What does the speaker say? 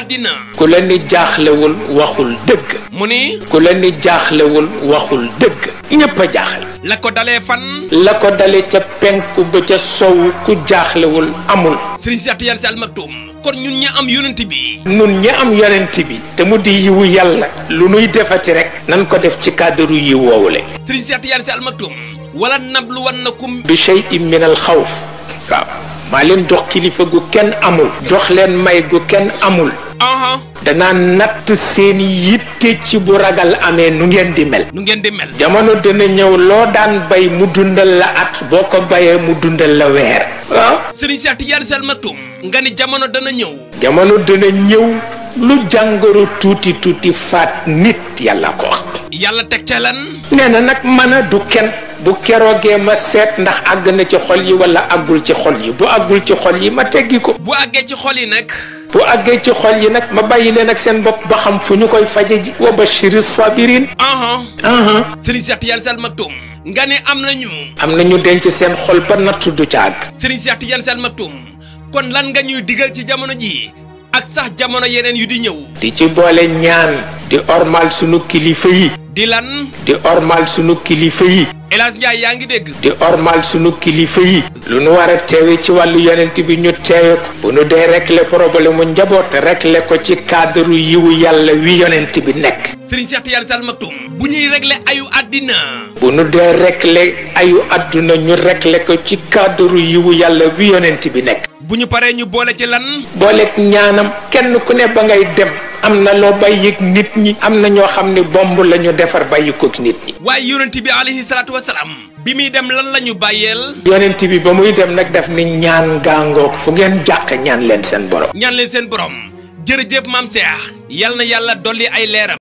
àddina ku leen ni jaaxlewul waxul dëgg mu ni ku leen ni waxul dëgg ñépp a jaaxle la ko dale fan la ko dalee ca penku ba ca sow ku jaaxlewul amul sëriñ Seex Tijaan Si Al Maktoum kon ñun ñi am yonent bi ñun ñi am yonent bi te mu di yiwu yàlla lu nuy defati rek nan ko def ci kàddaru yi woowule sëriñ Seex Tijaan Si Al Maktoum wala nabluwannakum bi shay'in min al xawf maa leen jox kilifa gu kenn amul jox leen may gu kenn amul Uh-huh. danaa natt seen yitte ci bu ragal amee nu ngeen di mel. nu ngeen di mel. jamono dana ñëw loo daan bay mu dundal la at boo ko bayee mu dundal la weer. waaw. Serigne Cheikh Tidiane Sall Maktoum. nga ni jamono dana ñëw. jamono dana ñëw lu jàngoro tuuti tuuti faat nit yàlla ko yàlla teg ca lan. nee na nag mën a du kenn. bu keroogee ma seet ndax àgg na ci xol yi wala àggul ci xol yi bu àggul ci xol yi ma teggi ko. bu àggee ci xol yi nag. boo àggee ci xol yi nag ma bàyyi leen ak seen bopp ba xam fu ñu koy faje ji wa bashiri sabirin aha aha sëriñ Cheikh Tidiane ma Maktoum nga ne am nañu am ñu denc seen xol ba nattu du caag sëriñ Cheikh Tidiane ma Maktoum kon lan nga ñuy digal ci jamono ji ak sax jamono yeneen yu di ñëw di ci boole ñaan di ormal sunu kilifa yi. di lan. di ormal sunu kilifa yi. El Hadj Ndiaye yaa ngi dégg. di ormal sunu kilifa yi. lu nu war a teewee ci wàllu yonent bi ñu teewe ko. bu nu dee régler problème mu njaboot. régler ko ci cadre yiwu yàlla wi yonent bi nekk. Serigne Cheikh Tidiane Sall àddina. bu nu dee rekle ayu àdduna ñu rekle ko ci cadre yiwu yàlla wi yonent bi nekk bu ñu paree ñu boole ci lan booleeg ñaanam kenn ku ne ba ngay dem am na loo bàyyik nit ñi am na ñoo xam ne bomb la ñu defar bàyyi ko nit ñi waaye yonent bi alayhi salaatu wasalaam bi muy dem lan la ñu bàyyeel yonent bi ba muy dem nag daf ni ñaan gaangoog fu ngeen jàq ñaan leen seen borom ñaan leen seen borom jërëjëf maam Seex yal na yàlla dolli ay leeram